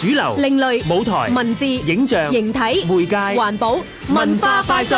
.主流、另類、舞台、文字、影像、形體、媒介、環保、文化、快訊，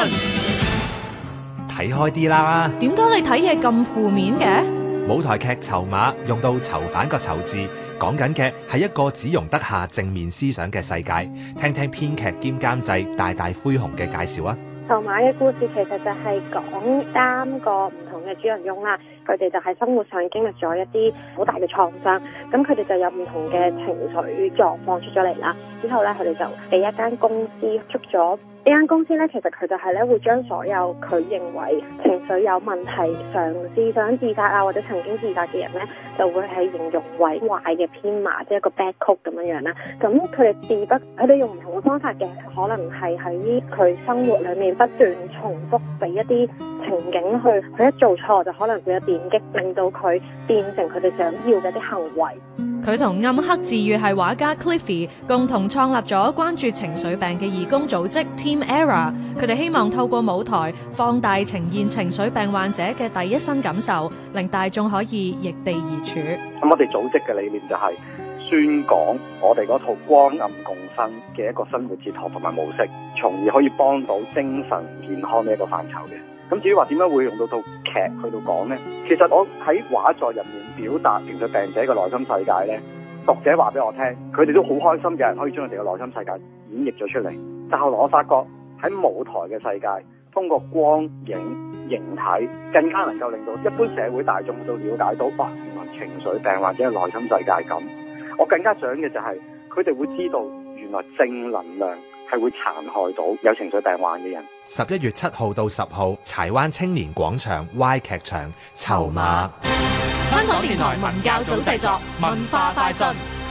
睇開啲啦！點解你睇嘢咁負面嘅？舞台劇《囚碼》用到囚犯個“囚”字，講緊嘅係一個只容得下正面思想嘅世界。聽聽編劇兼監製大大灰熊嘅介紹啊！售賣嘅故事其實就係講三個唔同嘅主人翁啦，佢哋就喺生活上經歷咗一啲好大嘅創傷，咁佢哋就有唔同嘅情緒狀況出咗嚟啦。之後呢，佢哋就俾一間公司出咗，呢間公司呢，其實佢就係呢會將所有佢認為情緒有問題、嘗試想自殺啊或者曾經自殺嘅人呢，就會係形容為壞嘅編碼，即係一個 bad code 咁樣樣啦。咁佢哋治不，佢哋用唔同嘅方法嘅，可能係喺佢生活裏面。不斷重複俾一啲情景去，佢一做錯就可能會有電擊，令到佢變成佢哋想要嘅一啲行為。佢同暗黑治愈系畫家 Cliffy 共同創立咗關注情緒病嘅義工組織 Team Era，佢哋希望透過舞台放大呈現情緒病患者嘅第一身感受，令大眾可以易地而處。咁我哋組織嘅理念就係、是、宣講我哋嗰套光暗共生嘅一個生活哲學同埋模式。同意可以幫到精神健康嘅一個範疇嘅。咁至於話點解會用到套劇，去到講咧？其實我喺畫作入面表達，情緒病者嘅內心世界咧，讀者話俾我聽，佢哋都好開心嘅，可以將佢哋嘅內心世界演繹咗出嚟。但後來我發覺，喺舞台嘅世界，通過光影形體更加能夠令到一般社會大眾都了解到，哇，原來情緒病或者係內心世界咁。我更加想嘅就係佢哋會知道。原來正能量係會殘害到有情緒病患嘅人。十一月七號到十號，柴灣青年廣場 Y 劇場籌碼，嗯。香港電台文教組製作，文化快訊。